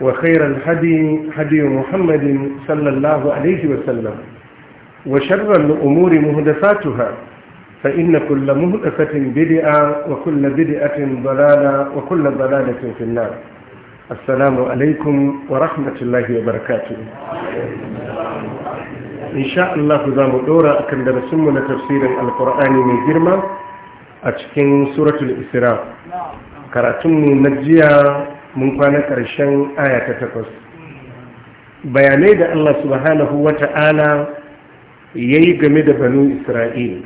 وخير الحدي حدي محمد صلى الله عليه وسلم وشر الأمور مهدفاتها فإن كل مهدفة بدئة وكل بدئة ضلالة وكل ضلالة في النار السلام عليكم ورحمة الله وبركاته إن شاء الله ذا مدورة أكن درسمنا تفسير القرآن من جرمة أتكين سورة الإسراء كراتم نجيا mun kwana ƙarshen aya ta takwas bayanai da Allah subhanahu wa ta'ala ya yi game da banu Isra'il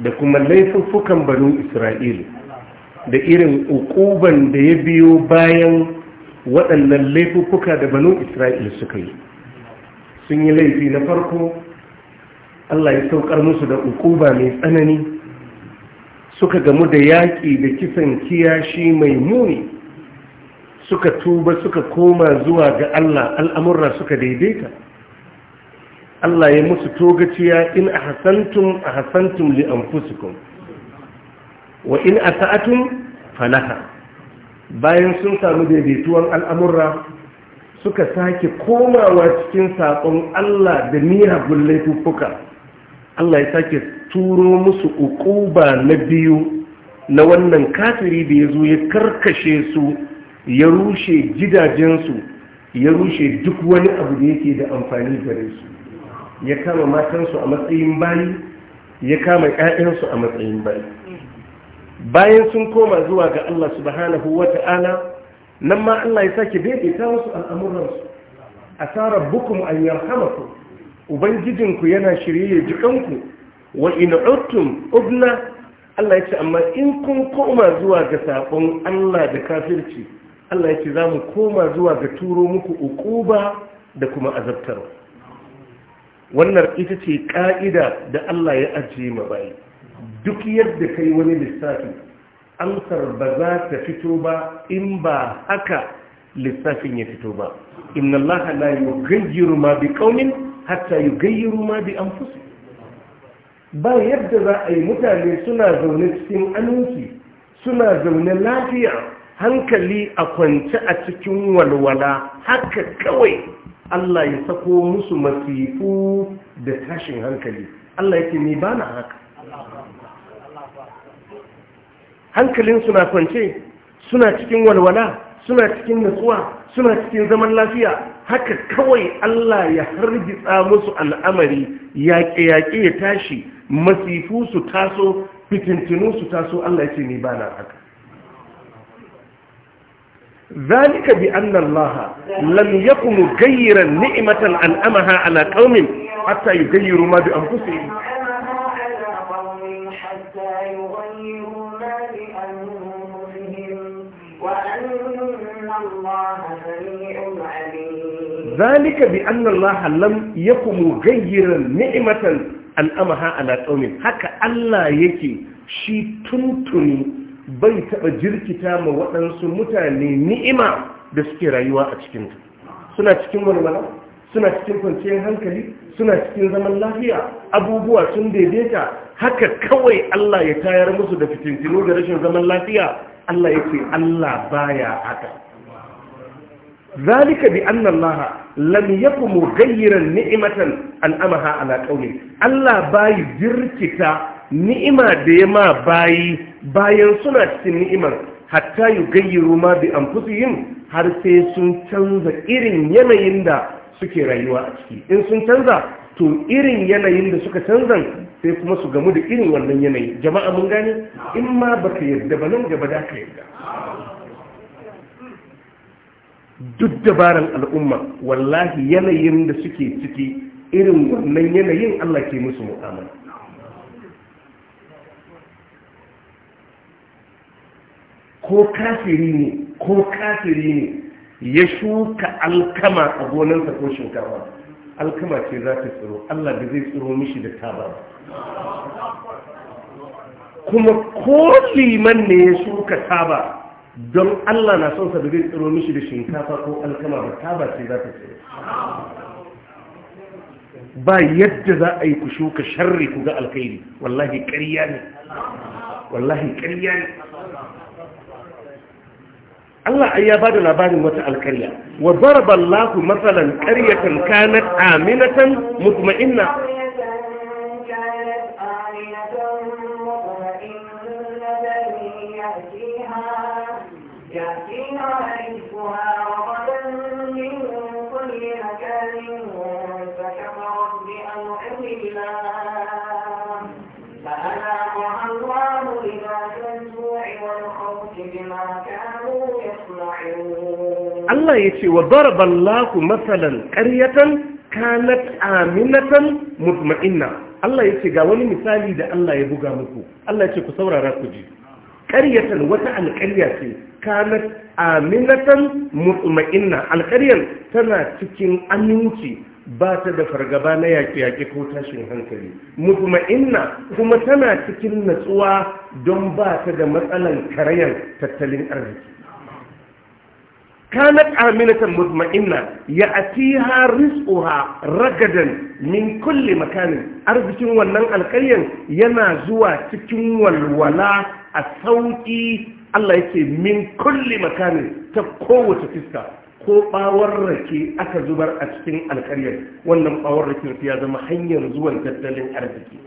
da kuma laifuffukan banu Isra'il da irin ukuban da ya biyo bayan waɗannan laifuffuka da banu Isra'il suka yi sun yi laifi na farko Allah ya saukar musu da ukuba mai tsanani suka gamu da yaƙi da kisan kiyashi mai muni suka tuba suka koma zuwa ga Allah al'amurra suka daidaita Allah ya musu togaciya in a hasantum a hasantum li wa in a sa'atun fanaha. bayan sun samu daidaituwan al'amurra suka sake komawa cikin saƙon Allah da gullai laifuffuka Allah ya sake turo musu uquba na biyu na wannan kafiri da ya zo ya karkashe su ya rushe gidajensu ya rushe duk wani abu da yake da amfani gare su ya kama matansu a matsayin bayi ya kama 'ya'yansu a matsayin bayi bayan sun koma zuwa ga Allah subhanahu wata'ala nan ma Allah ya sake daidaita musu al'amuransu asara bukum an yarhamaku ubangijinku yana shirye jikanku wa in uttum ubna Allah ya ce amma in kun koma zuwa ga sabon Allah da kafirci Allah ya ce za mu koma zuwa ga turo muku ukuba da kuma azabtar wannan ita ce ƙa'ida da Allah ya ajiye mu bayi duk yadda kai wani lissafi amsar ba za ta fito ba in ba haka lissafin ya fito ba inna Allah la yughayyiru ma bi qaumin hatta yughayyiru ma bi anfusihim ba yadda za a yi mutane suna zaune cikin aminci suna zaune lafiya hankali a kwance a cikin walwala haka kawai Allah ya sako musu masifu da tashin hankali Allah yake ni bana haka hankalin suna kwance suna cikin walwala suna cikin nutsuwa suna cikin zaman lafiya haka kawai Allah ya hargitsa musu al'amari yaƙe-yaƙe ya tashi masifu su taso fitintinu su taso Allah ya ce ni bana haka ذلك بأن الله لم يقم مغيرا نعمة أنأمها على قوم حتى يغيروا ما بأنفسهم ذلك بأن الله لم يقم مغيرا نعمة أنأمها على قوم حتى الله يكي شي تنتني bai taɓa jirkita ma waɗansu mutane ni'ima da suke rayuwa a cikinta suna cikin walwala suna cikin kwanciyar hankali suna cikin zaman lafiya abubuwa sun daidaita haka kawai Allah ya tayar musu da fitintino da rashin zaman lafiya Allah ya ce Allah baya haka zalika bi anna Allah lam yakum mughayyiran ni'matan an'amaha ala qawli Allah bai jirkita ni'ima da ya ma bayi bayan suna cikin ni'imar hatta yi gayyaro ma bi yin har sai sun canza irin yanayin da suke rayuwa a ciki in sun canza to irin yanayin da suka canzan sai kuma su gamu da irin wannan yanayi jama'a mun gane in ma baka yarda ba nan gaba da ka yarda duk dabaran al'umma wallahi yanayin da suke ciki irin wannan yanayin Allah ke musu mu'amala ko kafiri ne ko kafiri ne ya shuka alkama a gonarsa ko shinkafa alkama ce za ta tsiro Allah da zai tsiro mishi da taba kuma ko liman ne ya shuka taba don Allah na son sa da zai tsiro mishi da shinkafa ko alkama ba taba ce za ta tsiro ba yadda za a yi ku shuka sharri ku ga alkhairi wallahi ƙarya ne wallahi ƙarya ne Allah ai ya bada labarin wata alkarya wa daraba Allah masalan qaryatan kanat aminatan mutma'inna فأذاقها الله لباس الجوع والخوف بما كان Allah ya ce wa daraballahu masalan ƙaryatan kanat aminatan mutma'inna Allah ya ce ga wani misali da Allah ya buga muku Allah ya ce ku saurara ku ji ƙaryatan wata alƙarya ce kanat aminatan mutma'inna alƙaryar tana cikin aminci ba ta da fargaba na yaƙi-yaƙi ko tashin hankali mutma'inna kuma tana cikin natsuwa don ba ta da matsalan karayar tattalin arziki kanat aminatan mutma'inna ya atiha rizquha ragadan min kulli makanin arzikin wannan alƙaryan yana zuwa cikin walwala a sauƙi Allah yake min kulli makanin ta kowace fiska ko bawar rake aka zubar a cikin alƙaryan wannan bawar rake ya zama hanyar zuwan tattalin arziki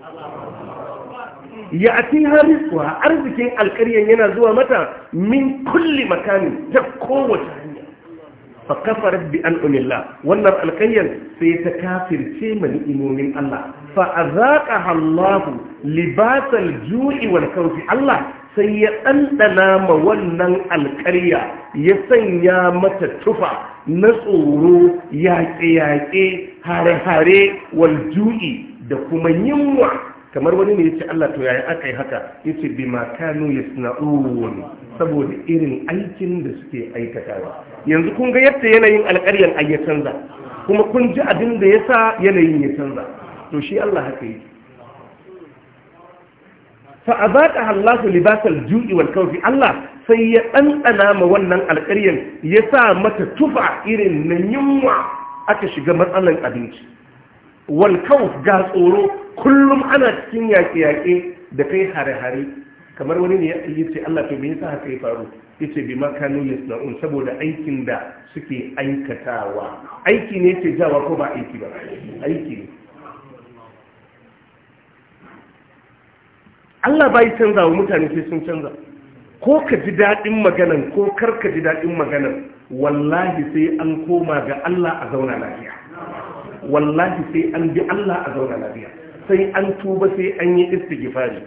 ya a cikin arzikin alkaryan yana zuwa mata min kulli makanin ta kowace fa kafarat bi an'amillah wannan alƙaryar sai ta kafirce ma imomin Allah fa a zaƙa libasal ju'i wal khawfi Allah sai ya ɗanɗana ma wannan alƙarya ya sanya mata tufa na tsoro yaƙe-yaƙe hare-hare wal da kuma yunwa kamar wani ne ya ce Allah to yayi aka yi haka yace ma kanu yasna'un saboda irin aikin da suke aikatawa yanzu kun ga yadda yanayin alƙaryan ayya canza kuma kun ji abin da yasa yanayin ya canza to shi Allah haka yi. fa abata Allahu libasal ju'i wal khawfi Allah sai ya dandana ma wannan alƙaryan ya sa mata tufa irin na yunwa aka shiga matsalan abinci walkau ga tsoro kullum ana cikin yaƙe-yaƙe da kai hare-hare kamar wani ne ya ce Allah to me yasa haka ya faru yace bi makanu yasna'un saboda aikin da suke aikatawa aiki ne ce jawa ko ba aiki ba aiki ne Allah bai canza wa mutane sai sun canza ko ka ji daɗin maganan ko kar ka ji daɗin maganan wallahi sai an koma ga Allah a zauna lafiya wallahi sai an bi Allah a zauna lafiya sai an tuba sai an yi istighfari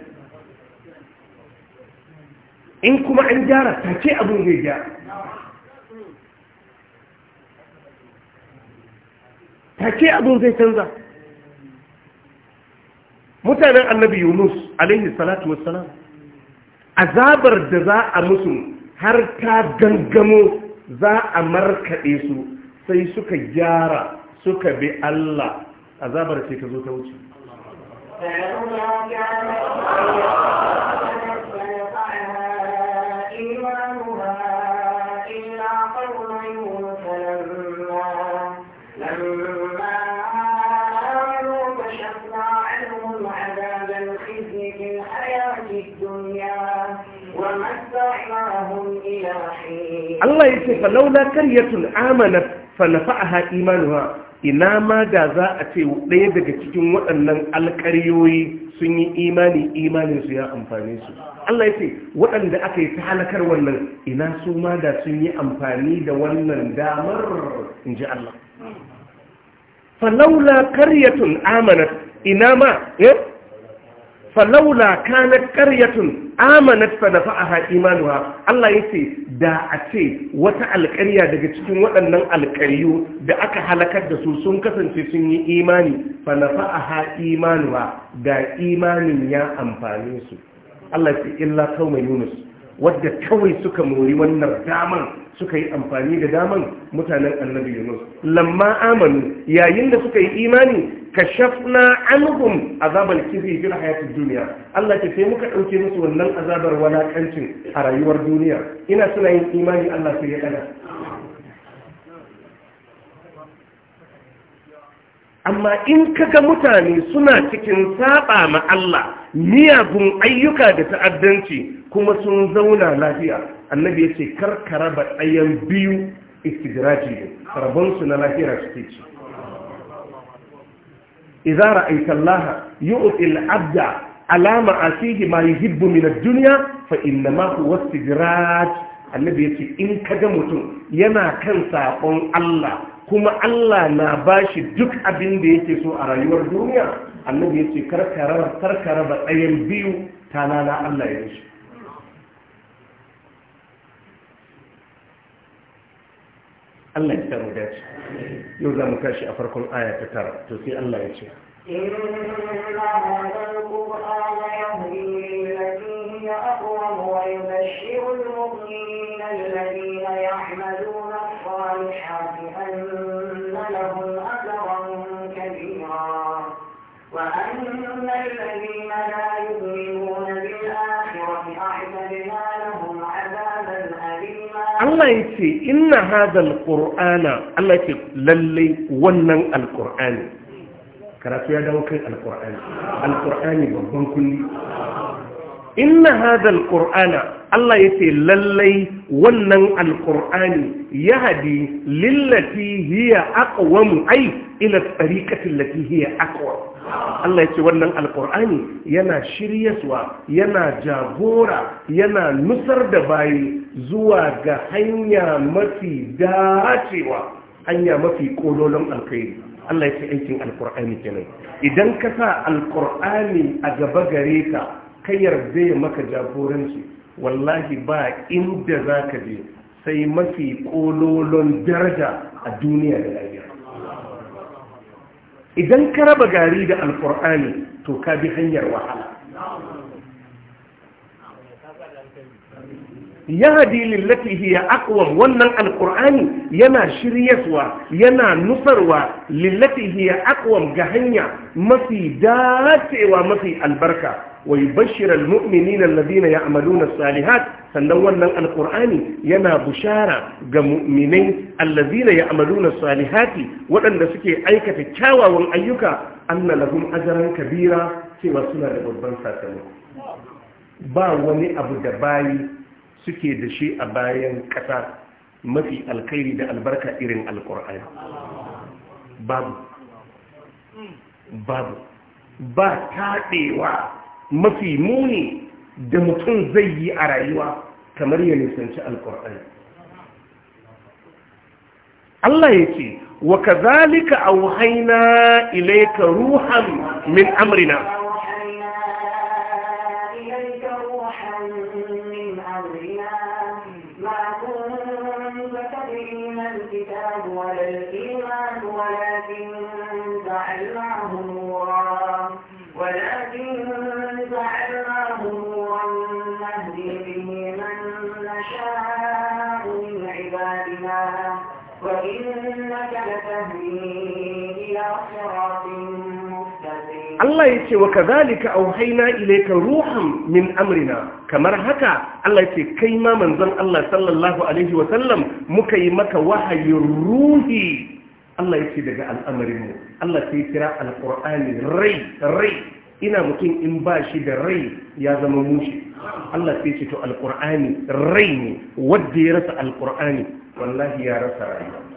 in kuma an gyara take abin zai gyara take abin zai canza mutanen annabi yunus alaihi salatu wassalam azabar da za a musu har ta gangamo za a markaɗe su sai suka gyara suka bi Allah azabar ce ta zo ta wuce Allah ya ce falaula karyatun amana fa nafa'aha imanuha ina ma da za a ce ɗaya daga cikin waɗannan alƙaryoyi sun yi imani imanin su ya amfani su Allah ya ce waɗanda aka yi ta halakar wannan ina su ma da sun yi amfani da wannan damar in ji Allah falaula karyatun amanat ina ma eh? falaula kana qaryatun amanat fa nafa'aha imanuha Allah yace da a ce wata alƙarya daga cikin waɗannan alƙaryu da aka halakar da su sun kasance sun yi imani fa nafa'aha imanuha da imanin ya amfane su Allah ce illa qauma yunus wadda kawai suka mori wannan daman suka yi amfani da daman mutanen annabi yunus lamma amanu yayin da suka yi imani kashafna anhum azabal kifi fil hayatid dunya Allah ke sai muka dauke musu wannan azabar walakancin a rayuwar duniya ina suna yin imani Allah sai ya kada amma in kaga mutane suna cikin saba ma Allah miyagun ayyuka da ta'addanci kuma sun zauna lafiya annabi ya ce karkara ba ɗayan biyu istijiraji ne rabonsu na lafiya suke ci idza ra'aita Allah yu'ti al-abda ala ma'asihi ma yuhibbu min ad-dunya fa inna ma huwa istijraj annabi yace in kaga mutum yana kan sakon Allah kuma Allah na bashi duk abin da yake so a rayuwar duniya annabi yace karkara karkara ba ɗayan biyu tana na Allah ya shi Allah ya da shi yau za mu kashi a farkon aya ta tara to sai Allah ya ce الْمُؤْمِنِينَ الذين يحملون الصالحات Allah ya ce inna hadal qur'ana Allah ce lalle wannan alqur'ani karatu ya dawo kan alqur'ani Alƙur'ani, babban kulli inna hadal qur'ana Allah ya ce lalle wannan alqur'ani yahdi lillati hiya aqwam ay ila tariqati allati hiya aqwam Allah ya ce wannan alkur'ani yana shiryaswa yana jagora yana nusar da bayi zuwa ga hanya mafi dacewa hanya mafi kololon alkhairi Allah ya ce aikin alkur'ani kenan idan ka sa alkur'ani a gaba gare ka ka yarda ya maka jagoranci wallahi ba inda za ka je sai mafi kololon daraja a duniya da lafiya idan ka raba gari da alkur'ani to ka bi hanyar wahala ya hadi lillati hiya wannan alkur'ani yana shiryaswa yana nusarwa lillati hiya ga hanya mafi dacewa mafi albarka Wai yubashshiru almu'minina alladhina ya'maluna salihat sannan wannan alkur'ani yana bushara ga mu'minai alladhina ya'maluna salihati waɗanda suke aikata kyawawan ayyuka anna lahum ajran kabira cewa suna da babban sakamako ba wani abu da bayi suke da shi a bayan ƙasa mafi alkhairi da albarka irin alkur'ani babu babu ba taɗewa mafi muni da mutum zai yi a rayuwa kamar ya nisanci alkur'ani Allah ya ce wa kazalika auhaina ilayka ruhan min amrina Allah ya ce wa kazalika auhaina ilayka ruhan min amrina kamar haka Allah ya ce kai ma manzon Allah sallallahu alaihi wa sallam muka yi maka wahayin ruhi Allah ya ce daga al'amarinmu. Allah sai kira alqur'ani rai rai ina mutum in ba shi da rai ya zama mushi Allah sai ce to alqur'ani rai ne wanda ya rasa alqur'ani wallahi ya rasa rayuwa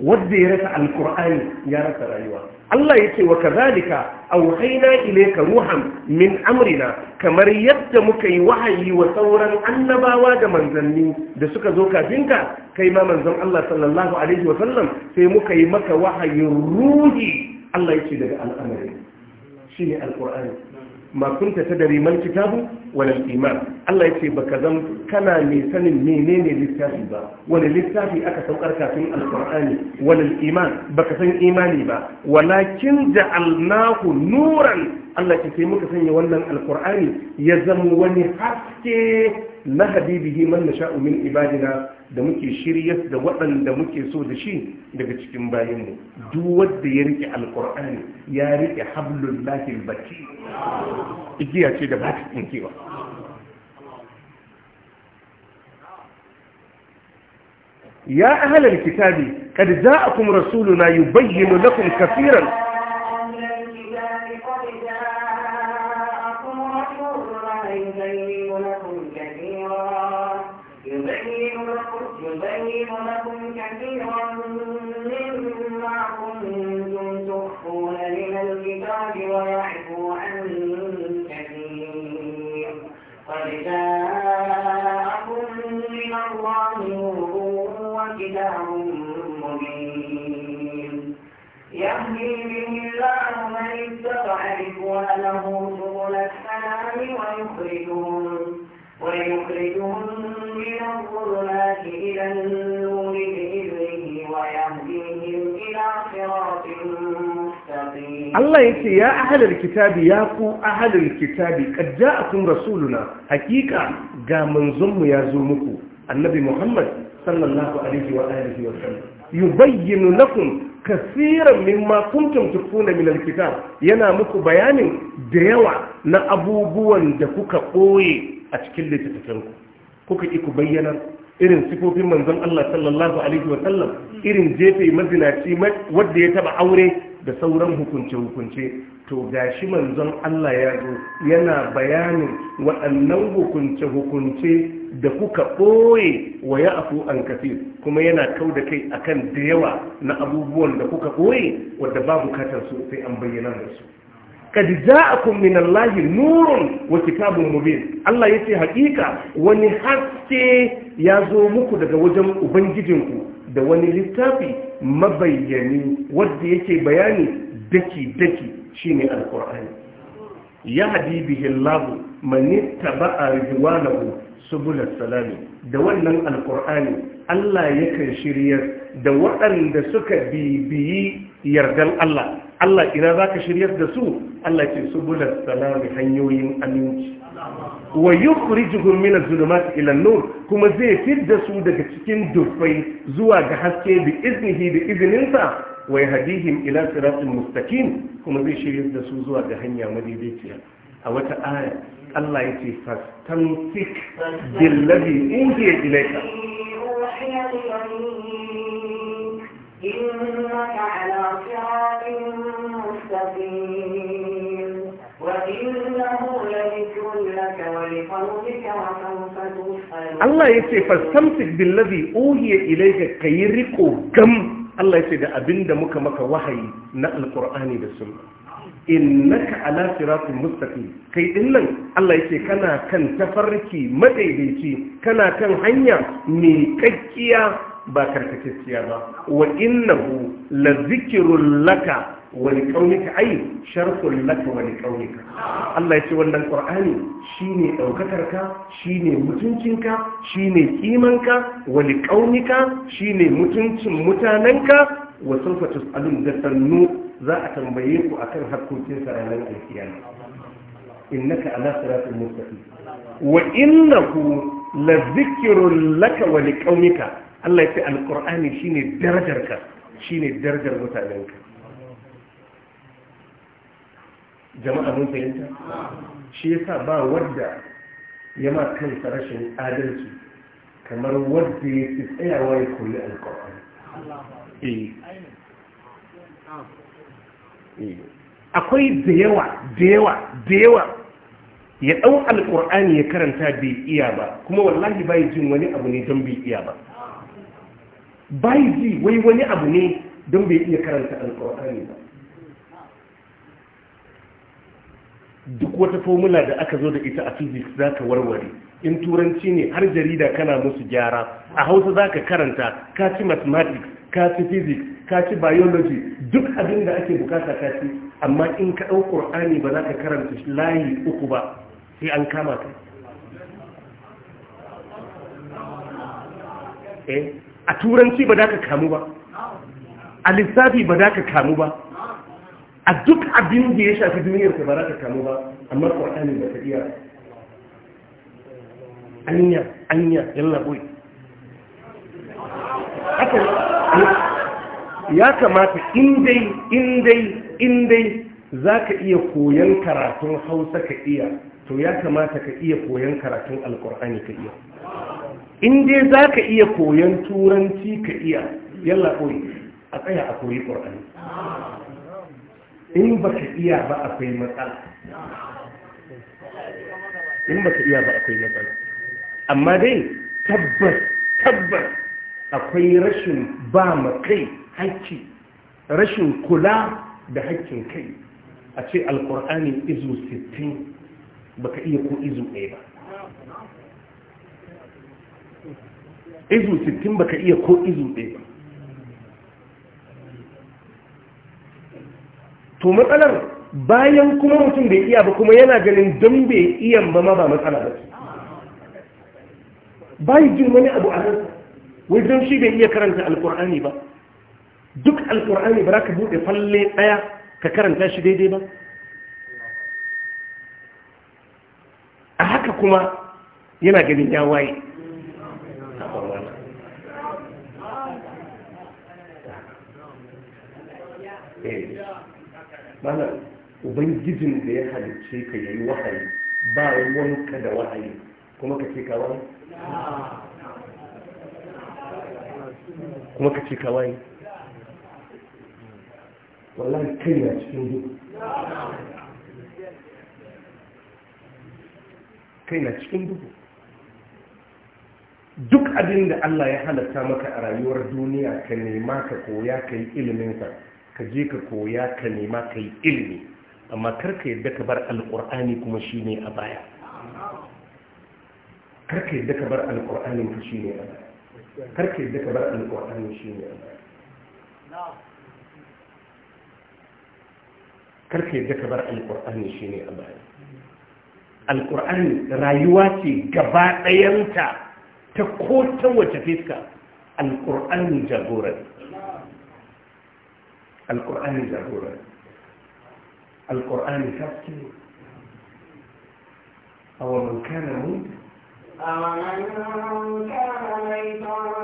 wadda ya rasa alkur'ani ya rasa rayuwa Allah yake wa kazalika auhayna ilayka ruhan min amrina kamar yadda muka yi wahayi wa sauran annabawa da manzanni da suka zo kafinka ka kai ma manzon Allah sallallahu alaihi wa sallam sai muka yi maka wahayin ruhi Allah yake daga al'amari shine alkur'ani ma kunta tadri man kitabu wani iman Allah yace baka zan kana mai sanin menene littafi ba wani littafi aka saukar kafin alkur'ani wal iman baka san imani ba walakin ja'alnahu nuran Allah ce muka sanya wannan alkur'ani ya zama wani haske na habibihi man nasha'u min ibadina da muke shiryar da waɗanda muke so da shi daga cikin bayanmu duk wanda ya rike alqur'ani ya rike hablullahi albati igiya ce da ba ta tsinkewa ya ahlal kitabi kad ja'akum rasuluna yubayyinu lakum kaseeran Allah ya ce ya ahalar kitabi ya ku ahalar kitabi a kun rasuluna hakika ga manzonmu ya zo muku annabi Muhammad sallallahu alaihi wa alihi wa sallam na kun kasiran mimma kuntum tukuna min yana muku bayanin da yawa na abubuwan da kuka ɓoye a cikin littattafanku kuka ki ku bayyana irin sifofin manzon Allah sallallahu alaihi wa sallam irin jefe mazinaci wadda ya taba aure da sauran hukunce-hukunce to gashi manzon Allah ya zo yana bayanin waɗannan hukunce-hukunce da kuka ɓoye wa ya afu an kafi kuma yana kau da kai akan da yawa na abubuwan da kuka ɓoye wadda ba katar su sai an bayyana da su kad ja'akum min Allah nurun wa kitabun mubin Allah yace hakika wani haske ya zo muku daga wajen ubangijinku da wani littafi mabayyani wadda yake bayani daki-daki shine alkur'ani ya habibihin labu mani ba a rijuwalahu subular salami da wannan alkur'ani allah yakan shiryar da waɗanda suka bibiyi yardan allah allah ina za ka shiryar da su allah ce subular salami hanyoyin aminci wa yukhrijuhum min adh-dhulumati ila an-nur kuma zai fidda su daga cikin dufai zuwa ga haske bi iznihi da izininsa wa yahdihim ila siratin mustaqim kuma zai shirye da su zuwa ga hanya madaidaiciya a wata aya Allah ce fastamsik billadhi unziya ilayka إنك على صراط مستقيم Allah ya ce fasamtik billazi uhiya ilayka kayi riko gam Allah ya ce da abinda muka maka wahayi na Alƙur'ani da sunna innaka ala siratin mustaqim kai dinnan Allah ya ce kana kan tafarki madaidaici kana kan hanya mai kakkiya ba karkatacciya ba wa innahu la zikrul laka wani kaunika ai sharfun laka wani Allah ya ce wannan ƙur'ani shine ɗaukakarka shine mutuncinka shine kimanka wani kaunika shine mutuncin mutanenka wa sulfa tus'alun da sannu za a tambaye ku akan hakkokin sa ranar alkiyama innaka ala siratul mustaqim wa innahu la zikrun laka wa liqaumika Allah ya ce alqur'ani shine darajarka shine darajar mutanenka jama'a mun fahimta shi yasa ba wadda ya ma kansa rashin adalci kamar wadda ya fi tsayawa ya koyi eh. Eh. akwai da yawa da yawa ya ɗau alƙur'ani ya karanta bai iya ba kuma wallahi bai jin wani abu ne don bai iya ba bai ji wai wani abu ne don bai iya karanta alƙur'ani ba duk wata fomula da aka zo da ita a physics za ka warware in turanci ne har jarida kana musu gyara a hausa za ka karanta ka ci mathematics ka ci physics ka ci biology duk abin da ake bukata ka ci amma in ka ɗau ƙur'ani ba za ka karanta layi uku ba sai an kama ka eh, a turanci ba za ka kamu ba a lissafi ba za ka kamu ba a duk abin da ya shafi duniyar ka ba za ka kamu ba amma ƙwarƙani ba ta iya anya anya yalla boy haka ya kamata in dai in dai in dai za ka iya koyon karatun hausa ka iya to ya kamata ka iya koyon karatun alkur'ani ka iya in za ka iya koyon turanci ka iya yalla koyi a tsaya a koyi ƙur'ani in ba ka iya ba akwai matsala in ba ka iya ba akwai matsala amma dai tabbas tabbas akwai rashin ba ma kai haƙƙi rashin kula da haƙƙin kai a ce alkur'ani izu 60 ba ka iya ko izu ɗaya ba izu 60 ba ka iya ko izu ɗaya ba to matsalar bayan kuma mutum bai iya ba kuma yana ganin don bai iya ba ma ba matsala ba bayi jin wani abu a ransa wai don shi bai iya karanta alkur'ani ba duk alkur'ani ba za ka buɗe falle ɗaya ka karanta shi daidai ba a haka kuma yana ganin ya waye mana ubangijin da ya halicce ka yi wahayi ba ruwanka da wahayi kuma ka ce kawai kuma ka ce kawai wallahi kai na cikin duk kai na cikin duhu duk abin da Allah ya halatta maka a rayuwar duniya ka nema ka koya ka yi iliminsa ka je ka koya ka nema ka yi ilimi amma karka yadda ka bar alƙur'ani kuma shi ne a baya karka yadda ka bar alƙur'ani kuma shi ne a baya karka yadda ka bar alƙur'ani shi ne a baya karka yadda ka bar alƙur'ani shi ne a baya alƙur'ani rayuwa ce gaba ɗayanta ta ko ta wace fiska alƙur'ani jagorar القرآن زبورة القرآن تبكي أو من كان ميتا أو من كان ميتا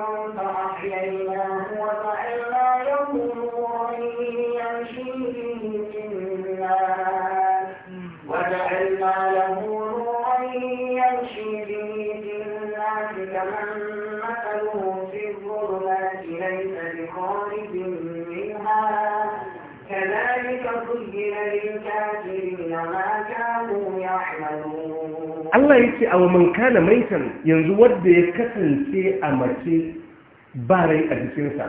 Allah ya ce awa man kana maitan yanzu wadda ya kasance a mace ba rai a jikinsa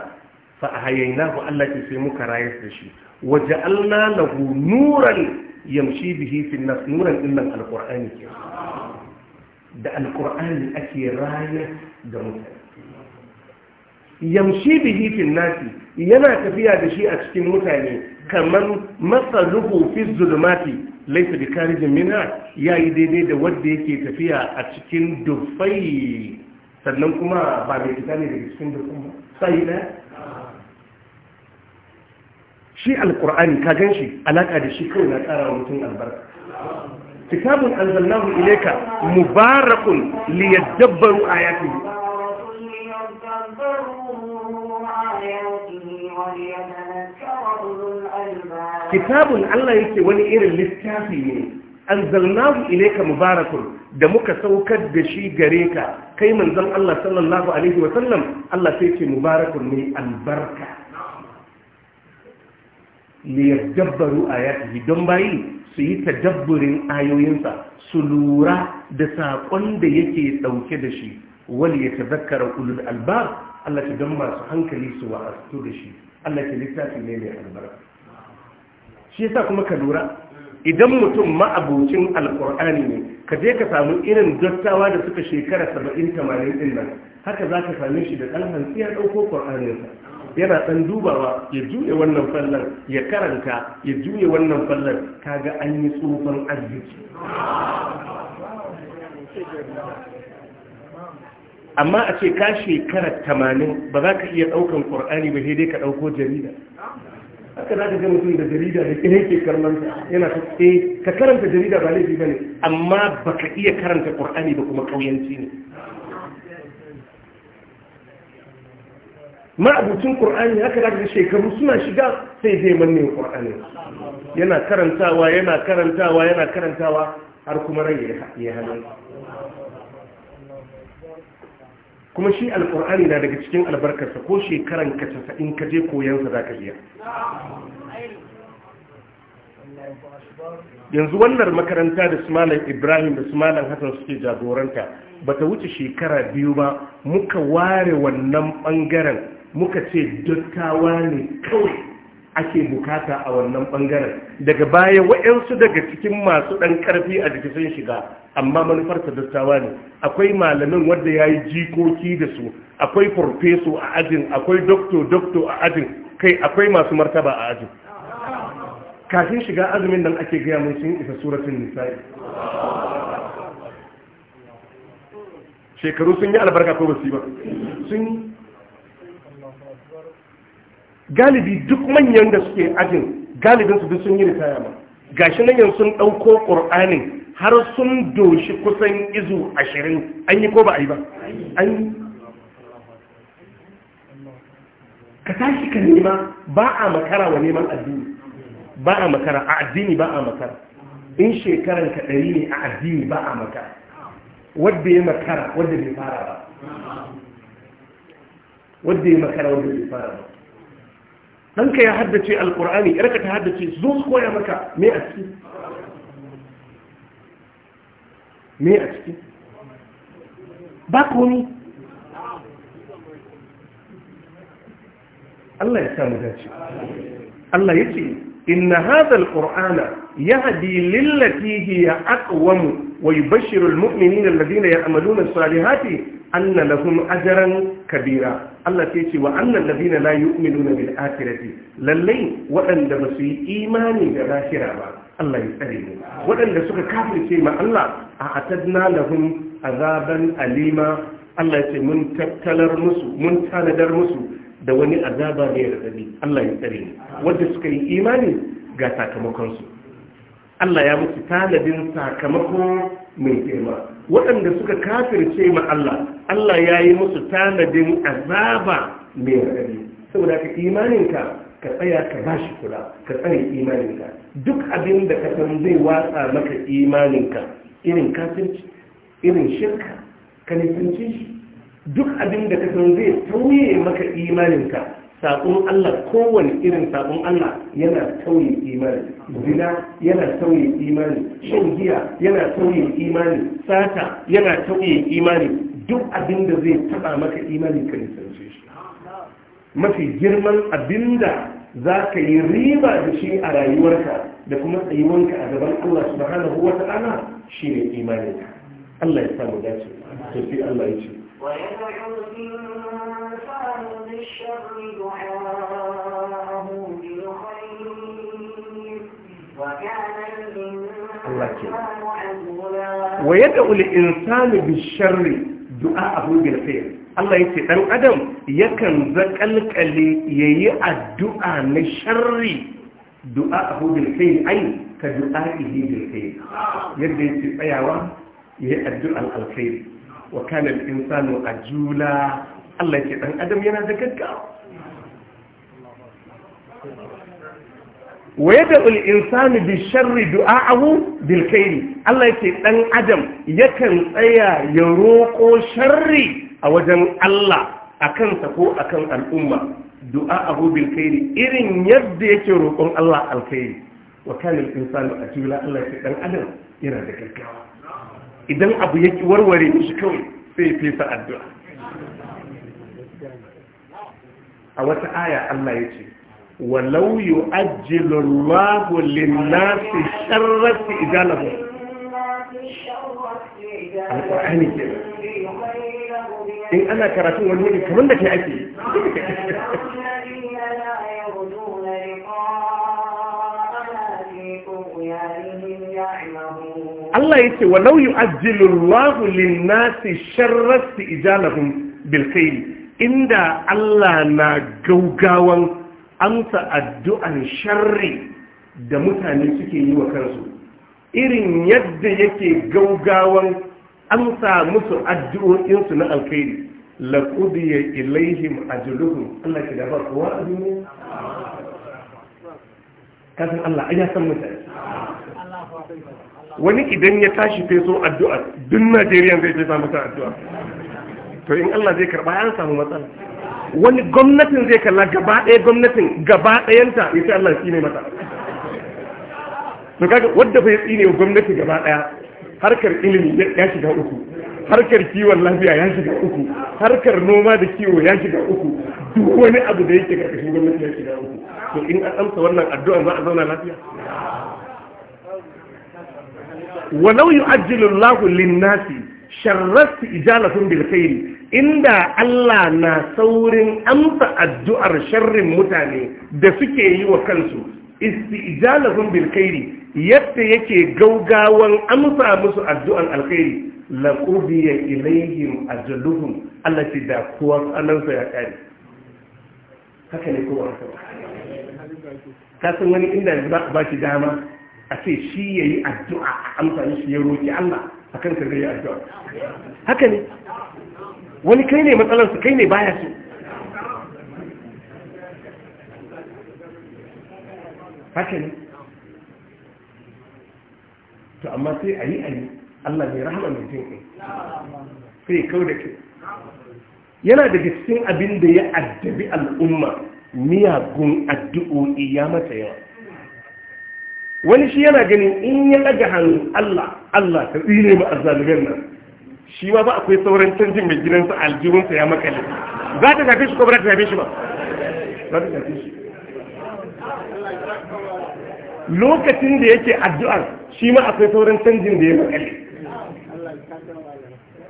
fa a hayyana ku Allah ke sai muka rayar da shi waje Allah lahu nuran yamshi bihi nas nuran din nan alqur'ani ke da alqur'ani ake rayar da mutane yamshi bihi fi yana tafiya da shi a cikin mutane kamar masaluhu fi zulumati laisa bi karijin mina yi daidai da wanda yake tafiya a cikin dufai sannan kuma ba mai fita ne daga cikin dufai ba sai na shi alkur'ani ka gan shi, alaka da shi kawai na tsara wa mutum albarka kitabun anzalnahu ilayka mubarakun liyadabbaru ayatihi kitabun Allah yake wani irin littafi ne an anzalnahu ka mubarakun da muka saukar da shi gare ka kai manzon Allah sallallahu alaihi wa sallam Allah sai ce mubarakun ne albarka li a ayatihi don bayi su yi dabburin ayoyinsa su lura da saƙon da yake ɗauke da shi wani ya tazakkara ulul albar Allah ta don masu hankali su wa'astu da shi Allah ta littafi ne mai albarka shi yasa kuma ka lura idan mutum ma'abucin alkur'ani ne ka je ka samu irin dattawa da suka shekara saba'in tamanin din nan haka za ka same shi da ɗan hantsi ya ɗauko ƙur'aninsa yana ɗan dubawa ya juye wannan fallar ya karanta ya juye wannan fallar ga an yi tsufan arziki amma a ce ka shekara tamanin ba za ka iya ɗaukan ƙur'ani ba sai dai ka ɗauko jarida haka za ka ga mutum da jarida da ke ke karman yana ta eh ka karanta jarida ba laifi ne, amma baka iya karanta qur'ani ba kuma kauyanci ne abucin qur'ani haka za ka ga shekaru suna shiga sai zai manne qur'ani yana karantawa yana karantawa yana karantawa har kuma rai ya hannu. kuma shi alkur'ani na daga cikin albarkarsa ko shekaran ka casa'in ka je koyansa za ka iya. yanzu wannan makaranta da sumalan ibrahim da sumalan hassan suke jagoranta ba ta wuce shekara biyu ba muka ware wannan bangaren muka ce dattawa ne kawai ake bukata a wannan bangaren daga baya wa'yansu daga cikin masu ɗan karfi a jikin sun shiga amma manufarsa dattawa ne akwai malamin wanda ya yi jikoki da su akwai farfeso a ajin akwai dokto-dokto a ajin kai akwai masu martaba a ajin kafin shiga azumin nan ake gaya mun sun isa suratun nisa'i shekaru sun yi albarka ko basu ba sun galibi duk manyan da suke ajin galibinsu duk sun yi ritaya ma gashi nan yanzu sun ɗauko ƙur'anin har sun doshi kusan izu ashirin an yi ko ba a yi ba an yi ka tashi ka nema ba a makara wa neman addini ba a makara a addini ba a makara in shekaran ka ɗari ne a addini ba a makara wadda ya makara wadda bai fara ba wadda ya makara wadda bai fara ba ɗanka ya haddace alƙur'ani yarka ta haddace zo su koya maka me a ciki me a ciki ba komi Allah ya samu dace Allah ya ce inna hadha alqur'ana yahdi lillati hiya aqwam wa yubashshiru almu'minina alladhina ya'maluna as-salihati anna lahum ajran kabira Allah sai ce wa annal ladina la yu'minuna bil akhirati lallai waɗanda ba su yi imani da lahira ba Allah ya tsare mu waɗanda suka kafirce ma Allah a atadna lahum azaban alima Allah ya ce mun tattalar musu mun tanadar musu da wani azaba ne radadi Allah ya tsare mu wanda suka yi imani ga sakamakon su Allah ya musu tanadin sakamako mai girma waɗanda suka kafirce ma Allah Allah ya yi musu tanadin azaba mai radadi saboda ka imaninka ka tsaya ka ba shi kula ka tsare imaninka duk abin da ka san zai watsa maka imaninka irin kafirci irin shirka ka nisanci shi duk abin da ka san zai tauye maka imaninka saƙon Allah kowane irin saƙon Allah yana tauye imani zina yana tauye imani shan giya yana tauye imani sata yana tauye imani duk abin da zai taɓa maka imani ka nisanci shi mafi girman abin da ذاك يريد بشيء على يورك لكم يورك أدب الله سبحانه وتعالى شيء إيمانك الله يسلم ذلك تفي الله يجي ويدعو الإنسان بالشر دعاءه بالخير وكان الإنسان ويدعو الإنسان بالشر دعاءه بالخير Allah ya ce ɗan adam yakan zaƙalƙale ya yi addu'a na sharri du'a a hudun kai ai ka du'a ihe da kai yadda ya ce tsayawa ya yi addu'an alfairi wa kanar insano a jula Allah ya ce ɗan adam yana da gaggawa wa yadda insanu bi sharri du'a'ahu bil khairi Allah ya ce ɗan adam yakan tsaya ya roƙo sharri a wajen Allah a kansa ko a kan al'umma du'a abu bil khairi irin yadda yake roƙon Allah alkhairi wa kana al insanu ajula Allah ya dan adam yana da gaggawa idan abu yake warware shi kawai sai ya fesa addu'a a wata aya Allah ya ce walau yu'ajjilu Allahu lin-nasi sharra ijalahum al-qur'ani kenan in ana karatun wani wani kamar da ke ake Allah ya ce walau yu'ajjilu Allahu lin-nasi sharrasti ijalahum bil inda Allah na gaugawan amsa addu'an sharri da mutane suke yi wa kansu irin yadda yake gaugawan amsa musu addu'o'insu na alkhairi qudiya ilaihim ajluhum Allah ki da ba kowa a kasan Allah ya san mutane wani idan ya tashi feso addu'a duk Najeriya zai fesa masa addu'a to in Allah zai karba an samu matsala wani gwamnatin zai kalla gaba ɗaya gwamnatin gaba ɗayanta ya sai Allah ya tsine mata to kaga wadda bai ya tsine gwamnati gaba ɗaya harkar ilimi ya shiga uku harkar kiwon lafiya ya shiga uku harkar noma da kiwo ya shiga uku duk wani abu da yake karkashin gwamnati ya shiga uku to in an amsa wannan addu'a za a zauna lafiya walau yu'ajjilu Allahu lin-nasi sharratu ijalatun bil khair inda Allah na saurin amsa addu'ar sharrin mutane da suke yi wa kansu istijalahum bil khairi yadda yake gaugawan amsa musu addu'an alkhairi a ilaihim Allah ce da kuwa tsanansa ya ƙari. haka ne kowa ka san wani inda ba ba shi dama a ce shi yi addu'a a amsa shi ya roƙi Allah a kan ka zai addu'a haka ne wani kai ne matsalarsa kai ne baya su haka ne to amma sai a yi a yi Allah mai rahama mai jin kai sai kau da ke yana daga cikin abin da ya addabi al'umma miyagun addu'o'i ya mata yawa wani shi yana ganin in ya daga hannun Allah Allah ta tsire ma a zalimin nan shi ma ba akwai sauran canjin mai gidansa aljihunsa ya makale za ta tafi shi ko ba za ta tafi shi ba za ta tafi shi lokacin da yake addu'ar shi ma akwai sauran canjin da ya makale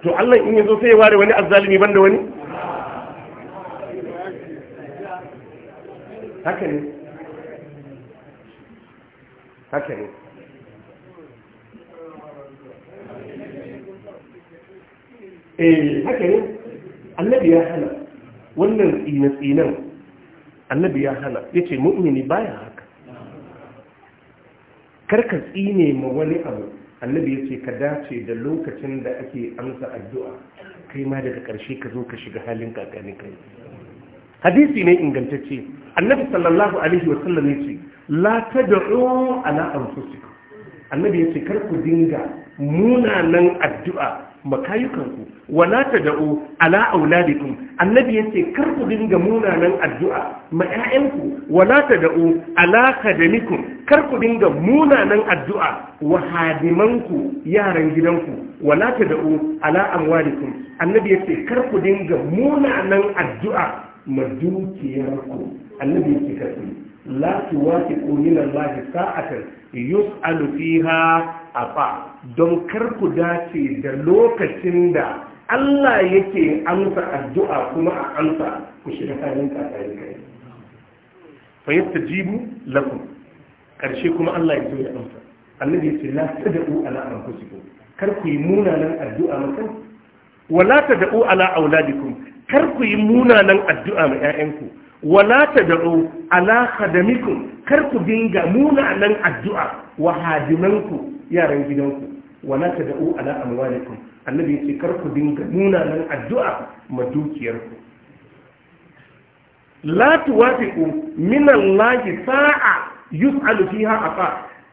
to Allah in yazo sai ya ware wani azzalimi banda wani haka ne haka ne eh haka ne annabi ya hana wannan tsinan tsinan annabi ya hana ce mu'mini baya haka karka tsine ma wani abu annabi ya ce ka dace da lokacin da ake amsa addu'a kai ma daga ƙarshe ka zo ka shiga halin kakani kai hadisi ne ingantacce annabi sallallahu alaihi wa sallam ya ce la tad'u ala anfusikum annabi ya ce kar ku dinga munanan addu'a makayukanku wa la tad'u ala auladikum annabi yace kar ku dinga munanan addu'a ma ƴaƴanku wa la tad'u ala khadamikum kar ku dinga munanan addu'a wa hadimanku yaran gidanku wa la tad'u ala amwalikum annabi yace kar ku dinga munanan addu'a ma dukiyarku annabi yace kar ku la tuwafiqu min Allah sa'atan yus'alu fiha afa don kar ku dace da lokacin da Allah yake amsa addu'a kuma a amsa ku shiga halin kakarin kai fa yastajibu lakum karshe kuma Allah ya zo amsa annabi ya ce la tad'u ku anfusikum kar ku yi munanan addu'a ma kan wala tad'u ala auladikum kar ku yi munanan addu'a ma ƴaƴanku wala ta da'u ala khadamikum kar ku dinga nuna nan addu'a wa hadimanku yaran gidanku wala ta da'o ala amwalikum annabi yace kar ku dinga nuna nan addu'a ma dukiyarku la tuwafiqu min allahi sa'a yus'alu fiha aqa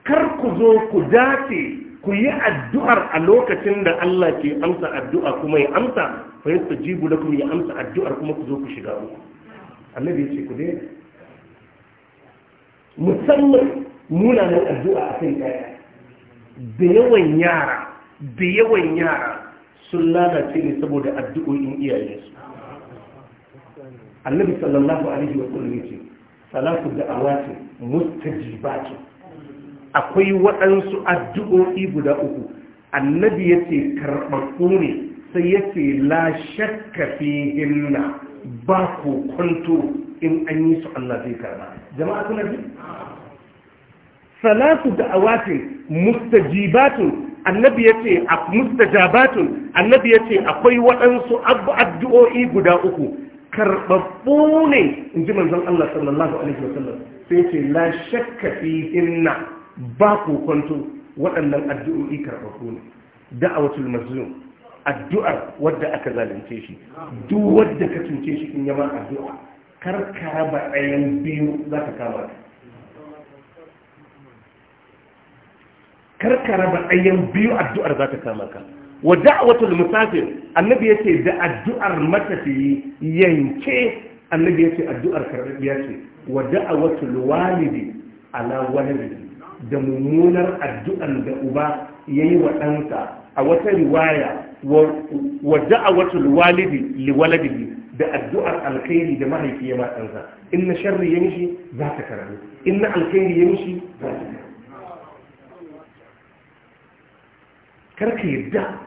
kar ku zo ku dace ku yi addu'ar a lokacin da Allah ke amsa addu'a kuma ya amsa fa yastajibu lakum ya amsa addu'ar kuma ku zo ku shiga uku annabi ce ku dai musamman munanan addu'a a kan ɗaya da yawan yara da yawan yara sun lalace ne saboda addu'o'in su annabi sallallahu alaihi wa sallam yace, salatu da awati mustajibati akwai waɗansu addu'o'i guda uku annabi yace ce karɓaɓɓu ne sai yace la shakka fi hinna ba ku kwanto in an yi su Allah zai karba jama'a kuna ji salatu awatin mustajibatun annabi ce a mustajabatun annabi ya ce, akwai waɗansu addu'o'i guda uku karɓaɓɓu ne in ji manzon Allah sallallahu alaihi wasallam sai ce la shakka fi hinna ba ku kwanto waɗannan addu'o'i karɓaɓɓu ne da'awatul mazlum addu'ar wadda aka zalunce shi duk wadda ka cuce shi in yama addu'a kar ka raba ɗayan biyu za ka kama ka kar ka raba ɗayan biyu addu'ar za ta kama ka wa wata musafir annabi yace da addu'ar matafiyi yanke annabi yace addu'ar karbiya ce wa wata walidi ala walidi da mummunar addu'ar da uba yayi wa waɗansa, a wata riwaya wa da'awatul walidi li waladihi da addu'ar alkhairi da mahaifi ya matsansa in na sharri ya mishi za ta karamu in na alkhairi ya mishi za ta karamu karka yadda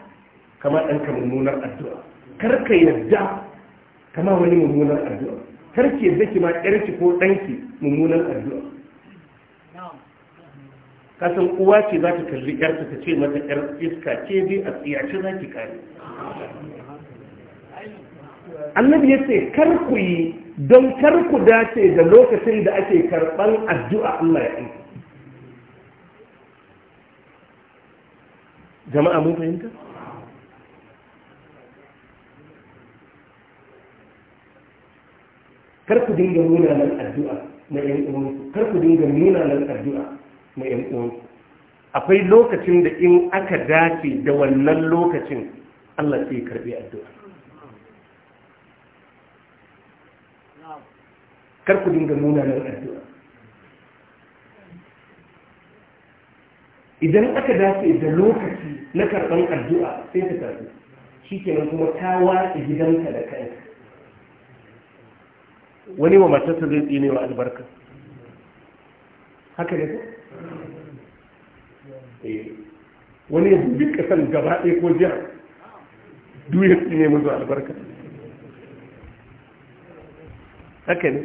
kama ɗanka mummunar addu'a karka yadda kama wani mummunar addu'a karki yadda kima ƴarki ko ɗanki mummunar addu'a kasan uwa ce za ta kalli yarta ta ce mata yar iska ce bi a tsiyace za ki kare annabi ya ce kar ku yi don kar ku dace da lokacin da ake karɓar addu'a Allah ya yi jama'a mun fahimta kar ku dinga nuna nan addu'a na yan uwanku kar ku dinga nuna nan addu'a ma yan uwansu akwai lokacin da in aka dace da wannan lokacin Allah sai karbi addu'a kar ku dinga nuna nan addu'a idan aka dace da lokaci na karban addu'a sai ta karbi shikenan kuma ta watsa gidanka da kai wani wa matarsa zai tsinewa wa albarka haka ne Eh, wani ya dubi kasan gaba ɗaya ko jiya, duniya su ne mazu albarka haka ne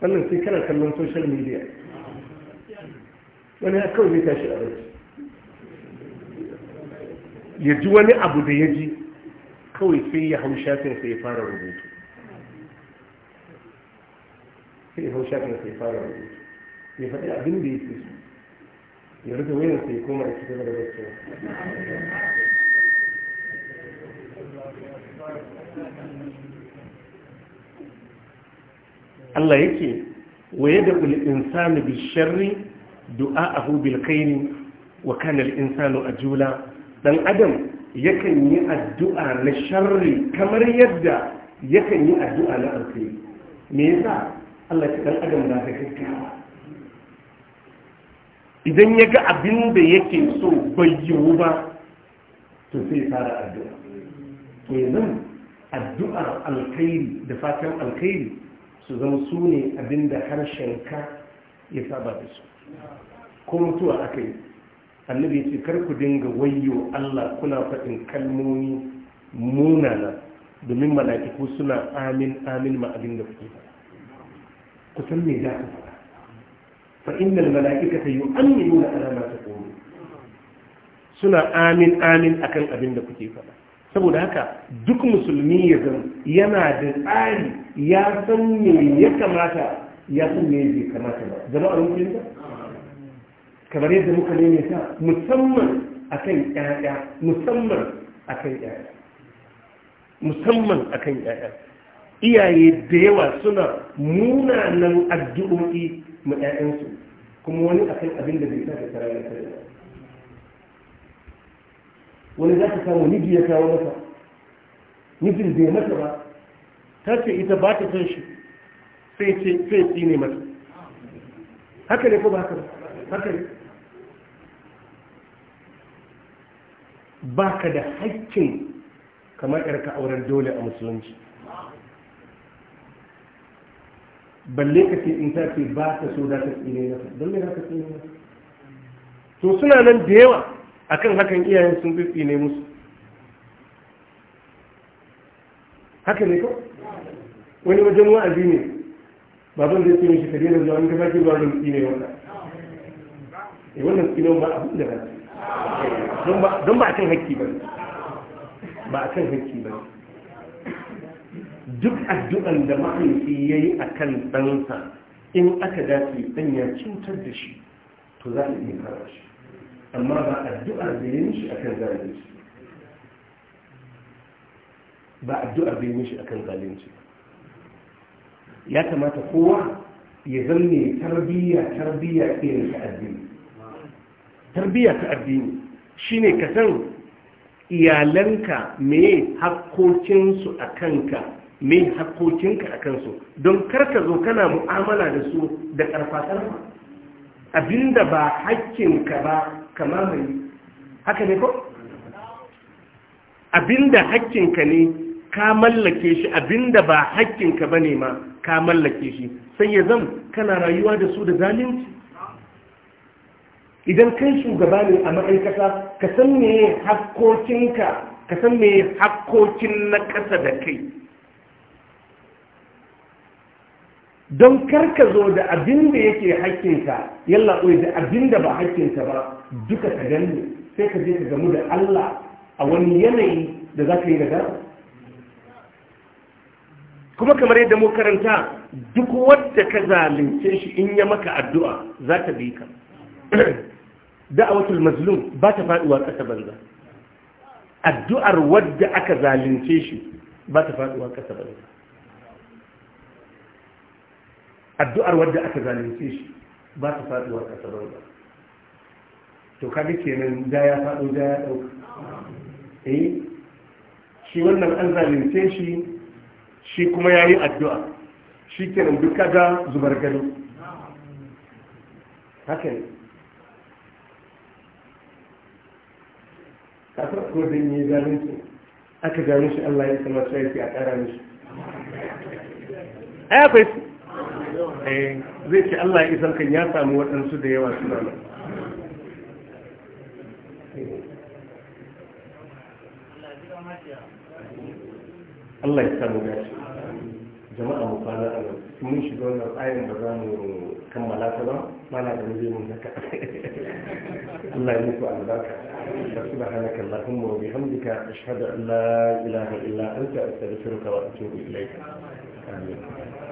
wannan sai kana kallon social media wani ya kawai zai tashi a rai ya ji wani abu da ya ji kawai sai ya hau sai ya fara rubutu sai ya hau shafinsa ya fara rubutu ya faɗi abin da yake so ya rufe wayan sai koma ya cikin da bacci Allah yake waye da ul insanu bi sharri du'a'ahu bil khairi wa kana al insanu ajula dan adam yakan yi addu'a na sharri kamar yadda yakan yi addu'a na alkhairi me yasa Allah ya dan adam na da kikkiawa idan ya ga abin da yake so bai yiwu ba to sai fara addu'a kenan addu'ar alkhairi da fatan alkhairi su zama su ne abin da harshen ka ya saba da su ko mutuwa aka yi annabi ya ce kar ku dinga wayyo Allah kuna faɗin kalmomi munana domin mala'iku suna amin amin ma abin da kuke ku san me za ku faɗa فإن الملائكة يؤمنون على ما تقولون سنة آمين آمين أكن أبن دكتي فلا saboda haka duk musulmi ya zan yana da tsari ya san me ya kamata ya san me bai kamata ba jama'ar mutum ta kamar yadda muka nemi ta musamman akan musamman akan 'ya'ya. musamman akan ƴaƴa iyaye da yawa suna munanan addu'o'i ma 'ya'yansu kuma wani a kan abin da bai sa ka kara da wani za ka samu miji ya kawo masa da bai masa ba ta ce ita ba ta son shi sai ce sai tsine masa haka ne ko ba haka haka ne ba ka da haƙƙin kamar 'yarka auren dole a musulunci balle ka ce in ta ce ba ta so za ta tsine mata don me za ta tsine mata to suna nan da yawa akan hakan iyayen sun fi tsine musu haka ne ko wani wajen wa'azi ne baban zai tsine shi ka dina zuwa in ka sake zuwa zan tsine wata E eh, wannan tsinon ba abin da ba don ba a kan hakki ba ba a kan hakki ba duk addu'an da mahaifi ya yi a kan ɗansa in aka dace ɗan ya cutar da shi to za a iya fara shi amma ba addu'ar da ya mishi a kan zalunci ba addu'ar da ya mishi a kan zalunci ya kamata kowa ya zanne tarbiyya tarbiyya irin ta addini tarbiyya ta addini shine ka san iyalanka me hakkokinsu a kanka me hakkokinka a kansu don karka zo kana mu'amala da su da karfatarwa abinda ba ka ba kamar mai haka ne ko? abinda ka ne ka mallake shi abinda ba hakkinka ba ne ma ka mallake shi sai ya zan kana rayuwa da su da zalunci idan kai shugaba ne a ma'aikata ka san me hakkokinka ka san me hakkokin na ƙasa da kai don karka zo da abin da yake hakkinka yalla koyi da abin da ba hakkinka ba duka ka danne sai ka je ka gamu da Allah a wani yanayi da za ka yi nadara kuma kamar yadda mu karanta duk wadda ka zalunce shi in ya maka addu'a za ta bi ka da'awatul mazlum ba ta faduwa ƙasa banza addu'ar wadda aka zalunce shi ba ta faduwa ƙasa banza addu'ar wadda aka zalunce shi ba ta faduwar ka ba, to kaga kenan da ya faɗo da ya ɗauka eh shi wannan an zalunce shi shi kuma ya yi addu'a shi kenan duk kaga zubar gani haka ne san ko zan yi zalunci aka gano shi Allah ya sama shi a ƙara mishi ai akwai Eh, zai ce Allah ya kan ya samu waɗansu da yawa suna nan. Allah ya samu gashi jama'a mu kwana a nan mun shiga wannan tsarin da za mu kammala ta ba ma na da muje mun haka Allah ya muku albarka da su da hanakan lafin mu bi hamdika ashhadu an la ilaha illa anta astaghfiruka a cikin ilayka amin